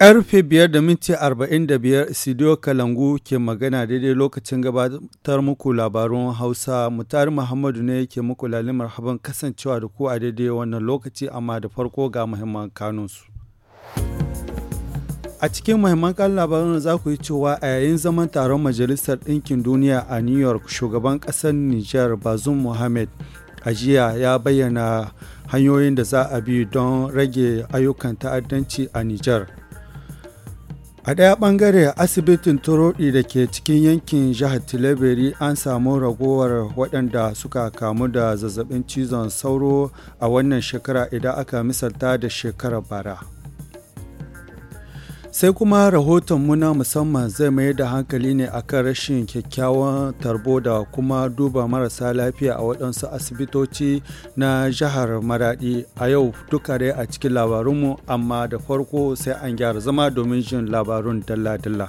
Karfe biyar da Kalangu ke magana daidai lokacin gabatar muku labarun Hausa. Mutari Muhammadu ne ke muku lalimar haban kasancewa da ku a daidai wannan lokaci amma da farko ga muhimman kanunsu. A cikin muhimman kan labarin za ku yi cewa a yayin zaman taron Majalisar Ɗinkin Duniya a New York, shugaban ƙasar Nijar bazum Mohamed ajiya ya bayyana hanyoyin da za a bi don rage ayyukan ta'addanci a Nijar. A ɗaya ɓangare asibitin Turoɗi da ke cikin yankin jihar Tilaberi an samu ragowar waɗanda suka kamu da zazzabin cizon sauro a wannan shekara idan aka misalta da shekarar bara. sai kuma rahoton na musamman zai mayar da hankali ne akan rashin kyakkyawan tarbo da kuma duba marasa lafiya a waɗansu asibitoci na jihar maradi a yau duka dai a cikin labarunmu amma da farko sai an gyara zama domin jin labarun dalla-dalla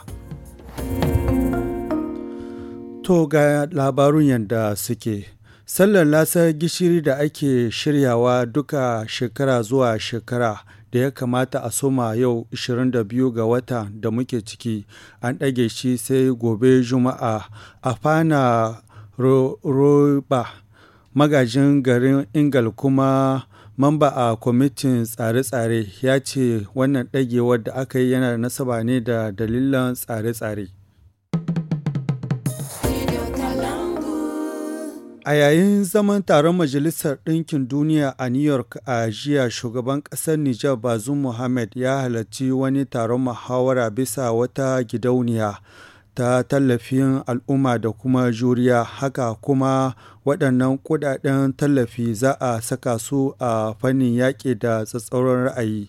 to ga labarun yadda suke sallar lasar gishiri da ake shiryawa duka shekara zuwa shekara da ya kamata a soma yau 22 ga wata da muke ciki an ɗage shi sai gobe juma'a a fana roba magajin garin ingal kuma mamba a kwamitin tsare-tsare ya ce wannan ɗagewar da aka yi yana nasaba ne da dalilan tsare-tsare A yayin zaman taron Majalisar Ɗinkin Duniya a New York a jiya shugaban ƙasar Nijar Bazoum mohamed ya halarci wani taron muhawara bisa wata gidauniya ta tallafin al'umma da kuma juriya haka kuma waɗannan kuɗaɗen tallafi za a saka su a fannin yaƙi da tsatsauran ra'ayi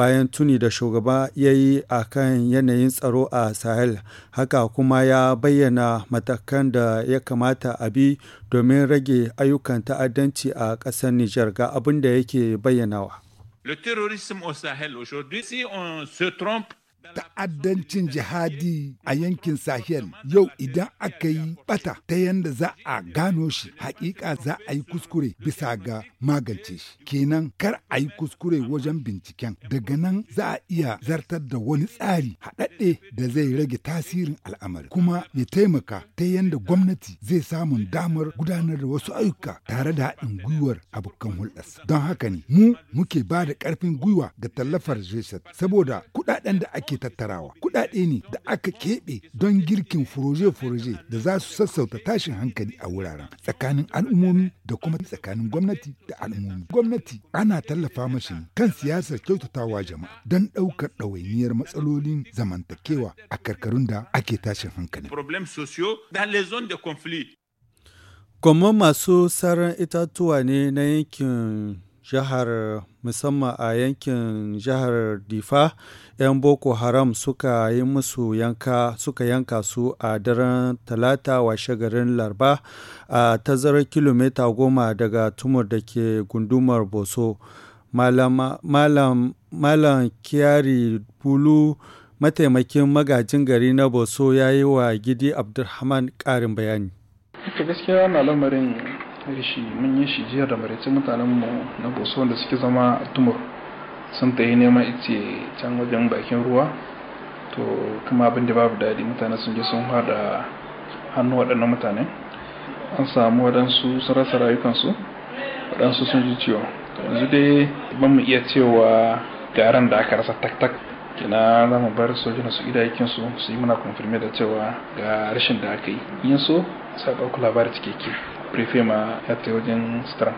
bayan tuni da shugaba ya yi a kan yanayin tsaro a sahel haka kuma ya bayyana matakan da ya kamata a bi domin rage ayyukan ta'addanci a ƙasar nijar ga abin da yake bayyanawa Le terrorisme au Sahel aujourd'hui, si on se trompe ta'addancin jihadi a yankin sahel yau idan aka yi bata ta yanda za a gano shi hakika za a yi kuskure bisa ga magance shi kenan kar a yi kuskure wajen binciken daga nan za a iya zartar da wani tsari haɗaɗɗe da zai rage tasirin al'amari kuma ya taimaka ta yanda gwamnati zai samun damar gudanar da wasu ayyuka tare da haɗin gwiwar abokan hulɗarsa don haka ne mu muke ba da ƙarfin gwiwa ga tallafar saboda kuɗaɗen da ake ake tattarawa kuɗaɗe ne da aka keɓe don girkin furoje-furoje da za su sassauta tashin hankali a wuraren tsakanin al'ummomi da kuma tsakanin gwamnati da al'ummomi gwamnati ana tallafa mashi kan siyasar kyautatawa jama'a don ɗaukar ɗawainiyar matsalolin zamantakewa a karkarun da ake tashin hankali Gwamman masu saran itatuwa ne na yankin jihar musamman a yankin jihar difa 'yan boko haram suka yi musu yanka suka yanka su a daren talata washe garin larba a tazarar kilomita goma daga tumur da ke gundumar boso malam, kiyari bulu mataimakin magajin gari na boso ya yi wa gidi abdulrahman karin bayani gaskiya lamarin yi mun yi shi jiyar da maraicin mutanenmu na boso da suke zama a tumur sun ta yi neman ice can wajen bakin ruwa to kuma abin da babu daɗi mutane sun je sun haɗa hannu waɗannan mutane an samu waɗansu sun rasa rayukansu waɗansu sun ji ciwo yanzu dai ban mu iya cewa garan da aka rasa tak-tak kina za mu bar sojin su gida yakin su su yi muna confirme da cewa ga rashin da aka yi yin so sai ɗauku labari cikakke prefer ma ya ta wajen sutura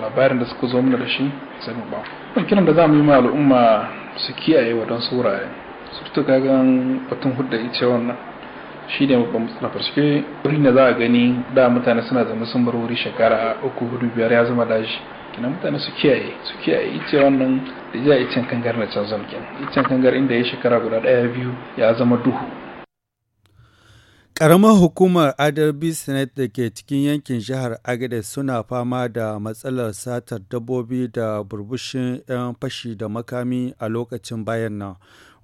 labarin da suka zo mana da shi sai mu ba da za mu yi ma al'umma su kiyaye waɗansu wurare su ta gagan batun hudda ita wannan shi ne babban matsala farske wurin da za a gani da mutane suna zama sun bar wuri shekara uku hudu biyar ya zama daji kina mutane su kiyaye su kiyaye ita wannan da ja kangar na can zamkin icen kangar inda ya shekara guda ɗaya biyu ya zama duhu Ƙaramar hukumar Adarbi Senate da ke cikin yankin jihar Agadez suna fama da matsalar satar dabbobi da burbushin 'yan fashi da makami a lokacin bayan nan.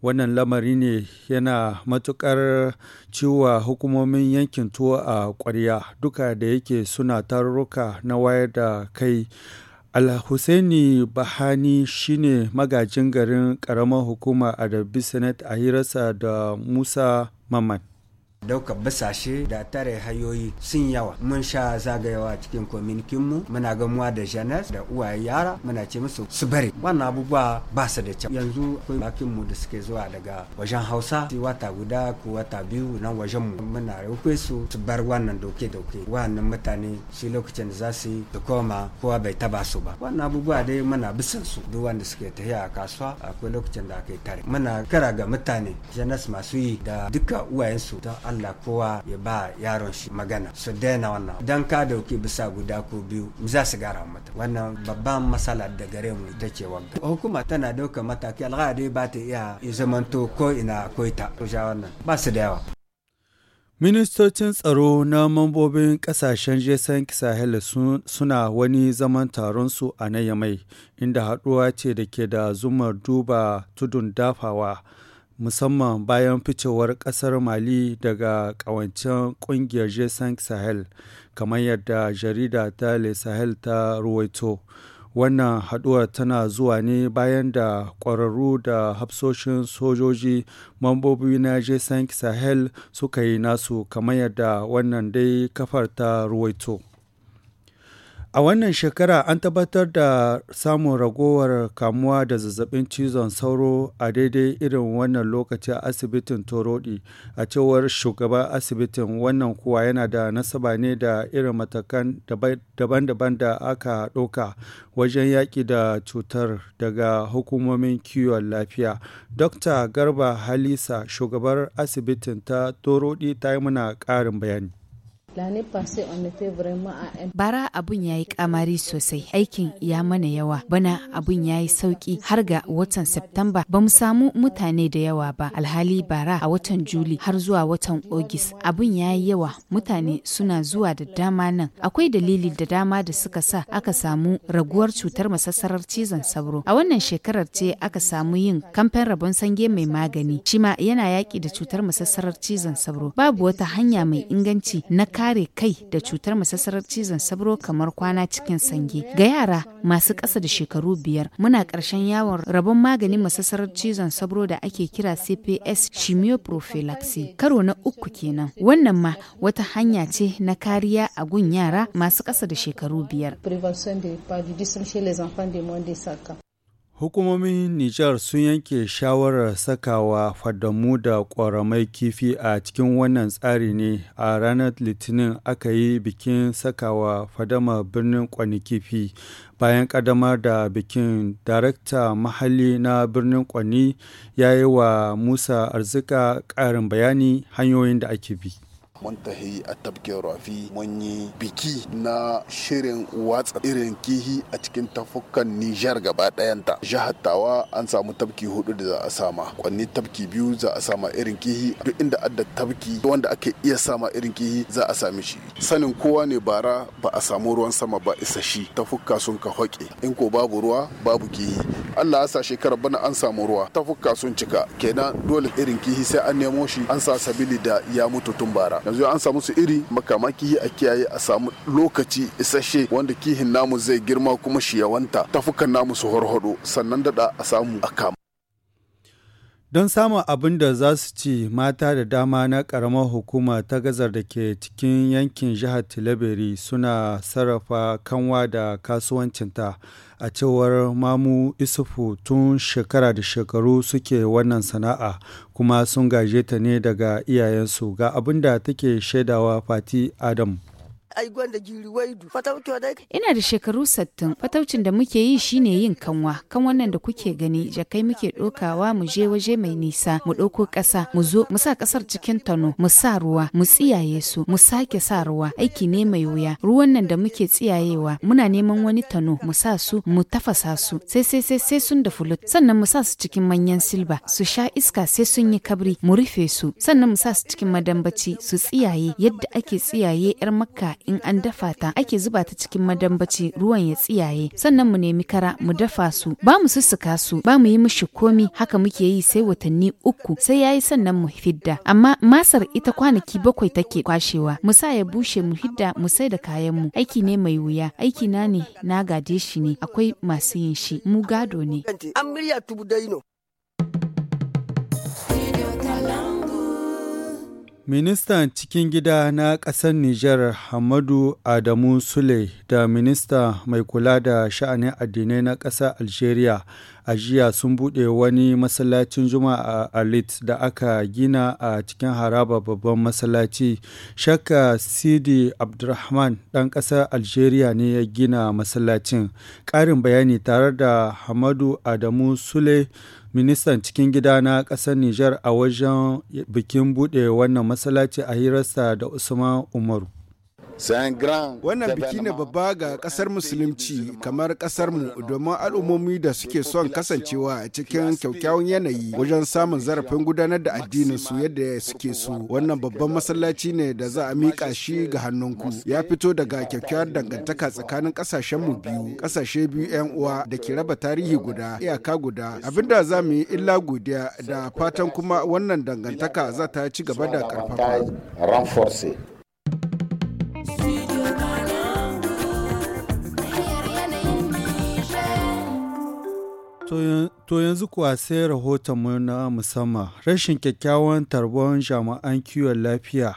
Wannan lamari ne yana matukar ciwa hukumomin yankin tuwo a ƙwarya duka da yake suna tarurruka na wayar da kai. Alhussaini Bahani shine magajin garin ƙaramar hukumar Adarbi Senate a hirarsa da Musa Mamman. daukar basashe da tare hayoyi sun yawa mun sha zagayawa cikin kominikinmu muna gamuwa da janes da uwaye yara muna ce musu su bari wannan abubuwa ba su da kyau yanzu akwai mu da suke zuwa daga wajen hausa sai wata guda ko wata biyu nan mu muna roƙe su su bar wannan doke-doke wannan mutane shi lokacin da za su yi da koma kowa bai taba su ba wannan abubuwa dai muna bisan su duk wanda suke tafiya a kasuwa akwai lokacin da aka yi tare muna kara ga mutane janes masu yi da duka uwayensu ta Allah kowa ya ba yaron shi magana su daina wannan don ka dauki bisa guda ko biyu za su gara mata wannan babban matsala da gare mu ita ce wagga hukuma tana dauka mataki alghadi ba ta iya zamanto ko ina ko ita wannan ba su da yawa Ministocin tsaro na mambobin kasashen jesan Sahel suna wani zaman taron su a na Yamai, inda haɗuwa ce da ke da zumar duba tudun dafawa. musamman bayan ficewar ƙasar Mali daga ƙawancen ƙungiyar G5 Sahel, kamar yadda jarida ta Le Sahel ta ruwaito. Wannan haɗuwar tana zuwa ne bayan da ƙwararru da hafsoshin sojoji mambobi na G5 Sahel suka yi nasu kamar yadda wannan dai kafar ta ruwaito. A wannan shekara an tabbatar da samun ragowar kamuwa da zazzabin cizon sauro a daidai irin wannan lokaci a asibitin Torodi a cewar shugaban asibitin wannan kuwa yana da nasaba ne da irin matakan daban-daban da aka ɗauka wajen yaƙi da cutar daga hukumomin kiwon lafiya. Dr. Garba Halisa shugabar asibitin ta Torodi ta yi muna ƙarin bayani. Bara abun ya yi kamari sosai, aikin ya mana yawa, bana abun ya yi sauki har ga watan Septamba ba mu samu mutane da yawa ba, alhali bara a watan Juli har zuwa watan Ogis. Abun ya yi yawa, mutane suna zuwa da dama nan. Akwai dalili da dama da suka sa aka samu raguwar cutar masassarar cizon sauro. A wannan shekarar ce aka samu yin kamfen rabon sange mai magani, shima yana yaƙi da cutar masassarar cizon sauro. Babu wata hanya mai inganci na ka kare kai da cutar masassarar cizon sabro kamar kwana cikin sange. Ga yara masu ƙasa da shekaru biyar muna ƙarshen yawon rabon maganin masassarar cizon sabro da ake kira CPS chemoprophylaxis karo na uku kenan. Wannan ma wata hanya ce na kariya a gun yara masu ƙasa da shekaru biyar. Hukumomin Nijar sun yanke shawarar sakawa fadamu da ƙoramai kifi a cikin wannan tsari ne a ranar Litinin aka yi bikin sakawa fadama birnin Kwani kifi. Bayan ƙaddamar da bikin, Darakta Mahalli na birnin Kwani ya yi wa Musa Arzika ƙarin bayani hanyoyin da ake bi. mun tahi a tafkin rafi mun yi biki na shirin watsa irin kihi a cikin tafukan nijar gaba dayanta. jihar tawa an samu tafki hudu da za a sama kwanni tabki biyu za a sama irin kihi duk inda adda tabki wanda ake iya sama irin kihi za a sami shi sanin kowa ne bara ba a samu ruwan sama ba shi tafukka sun ka hoƙe in ko babu ruwa babu kihi Allah ya sa shekarar bana an samu ruwa tafukka sun cika kenan dole irin kihi sai an nemo shi an sa sabili da ya mutu tun bara yanzu an samu su iri makamaki a kiyaye a samu lokaci isasshe wanda kihin namu zai girma kuma shi yawanta tafukan namu su horhodo sannan dada a samu a kama Don samun abin da za su ci, mata da dama na ƙaramar hukuma ta gazar da ke cikin yankin jihar Tilaberi suna sarrafa kanwa da kasuwancinta. A cewar Mamu Isufu tun shekara da shekaru suke wannan sana'a kuma sun gaje ta ne daga iyayensu ga abin da take shaidawa Fati Adam. ai gwanda jiri waidu ina da shekaru sittin. fataucin da muke yi shine yin kanwa kan wannan da kuke gani jakai muke dokawa mu je waje mai nisa mu ɗauko ƙasa mu zo mu sa ƙasar cikin tano mu sa ruwa mu tsiyaye su mu sake sa ruwa aiki ne mai wuya ruwan nan da muke tsiyayewa muna neman wani tano mu sa su mu tafasa su sai sai sai sai sun da fulut sannan mu sa su cikin manyan silba su sha iska sai sun yi kabri mu rufe su sannan mu sa su cikin madambaci su tsiyaye yadda ake tsiyaye yar makka in an dafa ta ake zuba ta cikin madambaci ruwan ya tsiyaye sannan mu nemi kara mu dafa su ba mu sussuka su ba mu yi mishi komi haka muke yi sai watanni uku sai yayi sannan mu hidda. amma masar ita kwanaki bakwai take kwashewa mu sa ya bushe mu hidda mu sai da kayan mu aiki ne mai wuya aiki na ne na gade shi ne akwai masu yin shi mu gado ne Ministan cikin gida na ƙasar Nijar Hamadu Adamu Sule da Minista mai kula da sha'anin addinai na ƙasar Algeria a jiya sun buɗe wani masallacin juma'a a Alit da aka gina a cikin haraba babban masallaci. Shakka Sidi Abdurrahman ɗan ƙasar Algeria ne ya gina masallacin. Ƙarin bayani tare da Hamadu Adamu Sule ministan cikin gida na ƙasar Nijar a wajen bikin buɗe wannan masallaci a hirarsa da Usman Umaru. Wannan biki ne babba ga ƙasar musulunci kamar ƙasar mu domin al'ummomi da suke son kasancewa a cikin kyaukyawan yanayi wajen samun zarafin gudanar da addinin su yadda suke so. Wannan babban masallaci ne da za a miƙa shi ga hannunku. Ya fito daga kyakkyawar dangantaka tsakanin kasashen mu biyu, kasashe biyu 'yan uwa da ke raba tarihi guda, iyaka guda. Abinda za mu yi illa godiya da fatan kuma wannan dangantaka za ta ci gaba da karfafa. To yanzu kuwa sai rahoton mu na musamman rashin kyakkyawan tarbon jami'an kiwon lafiya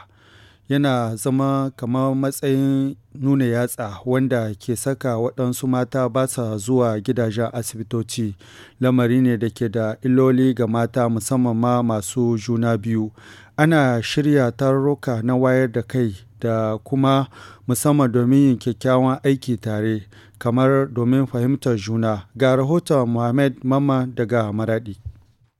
yana zama kamar matsayin nuna yatsa wanda ke saka waɗansu mata ba sa zuwa gidajen asibitoci lamari ne da ke da iloli ga mata musamman ma masu juna biyu ana shirya tarurruka na wayar da kai da kuma musamman domin yin kyakkyawan aiki tare kamar domin fahimtar juna ga rahoton Mohamed mamman daga Maradi.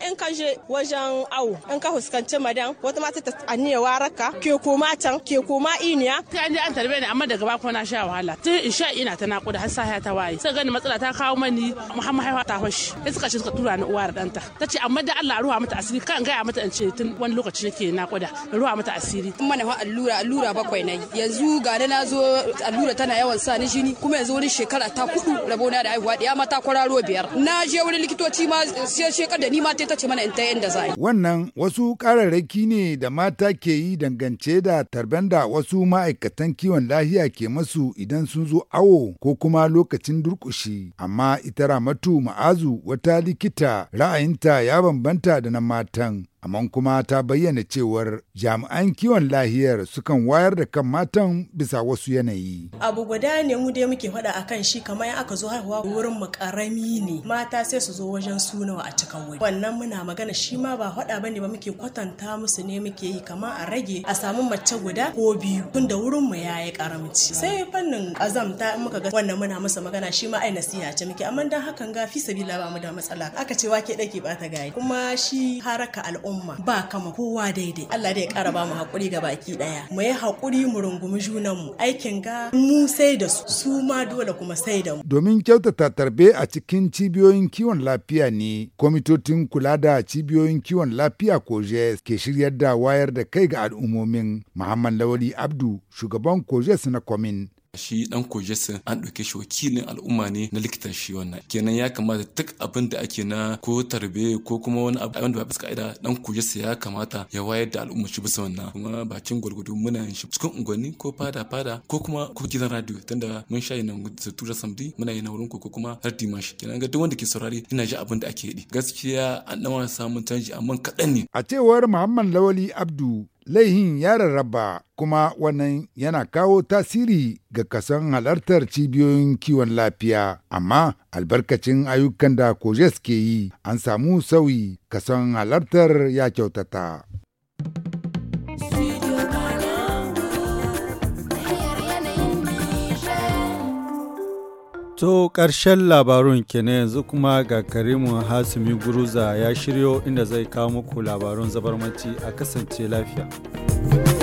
in ka je wajen awo in ka huskanci madan wata mata ta aniya waraka ke koma can ke koma iniya ta an an tarbe ni amma daga ba ko na sha wahala tun in sha ina ta nakuda har sai ta waye sai gani matsala ta kawo mani muhammad haifa ta hoshi sai suka ce suka tura ni uwa da danta ta ce amma da Allah ruwa mata asiri kan gaya mata in ce tun wani lokaci nake nakuda ruwa mata asiri kuma na allura allura bakwai nayi yanzu ga na zo allura tana yawan sa ni jini kuma yanzu wani shekara ta kudu rabona da haihuwa da ya mata kwararo biyar na je wani likitoci ma sai shekar da ni ma ta ta ce mana in ta inda za Wannan wasu kararraki ne da mata ke yi dangance da tarben da wasu ma'aikatan kiwon lahiya ke masu idan sun zo awo ko kuma lokacin durƙushi. Amma ita Ramatu Ma'azu wata likita ra'ayinta ya bambanta da na matan. amma kuma ta bayyana cewar jami'an kiwon lahiyar sukan wayar da kan matan bisa wasu yanayi. Abu guda ne mu dai muke faɗa a kan shi kamar aka zo haihuwa wurin mu karami ne mata sai su zo wajen sunawa a cikin wuri. Wannan muna magana shi ma ba faɗa ba ne ba muke kwatanta musu ne muke yi kamar a rage a samu mace guda ko biyu tun da wurin mu ya yi karamci. Sai fannin azamta in muka ga wannan muna masa magana shi ma ai nasiha ce muke amma dan hakan ga fi sabila ba mu da matsala aka ce wake dake ba ta kuma shi haraka al'umma al'umma ba kama kowa daidai Allah da ya kara ba mu hakuri ga baki daya mu yi hakuri mu rungumi mu aikin ga mu sai da su su ma dole kuma sai da mu domin kyautata tarbe a cikin cibiyoyin kiwon lafiya ne kwamitotin kula da cibiyoyin kiwon lafiya JS ke shiryar da wayar da kai ga al'ummomin Muhammad Lawali Abdu shugaban kojes na kwamin shi dan kojesin an ɗauke shi wakilin al'umma ne na likitan shi wannan kenan ya kamata duk abin da ake na ko tarbe ko kuma wani abu wanda ba bisa ka'ida dan kojesa ya kamata ya wayar da al'umma shi bisa wannan kuma bakin gwargwado muna yin shi cikin unguwanni ko fada fada ko kuma ko gidan radio tunda mun sha yin tura samdi muna yin wurin ko kuma har dimashi kenan ga duk wanda ke saurari ina ji abin da ake yi gaskiya an dawa samun canji amma kaɗan ne a cewar muhammad lawali abdu laihin ya rarraba kuma wannan yana kawo tasiri ga kasan halartar cibiyoyin kiwon lafiya amma albarkacin ayyukan da kojes ke yi an samu sauyi kasan halartar ya kyautata To ƙarshen labarun kenan yanzu kuma ga Karimu Hasimi Guruza ya shiryo inda zai kawo muku labarun zabarmaci a kasance lafiya.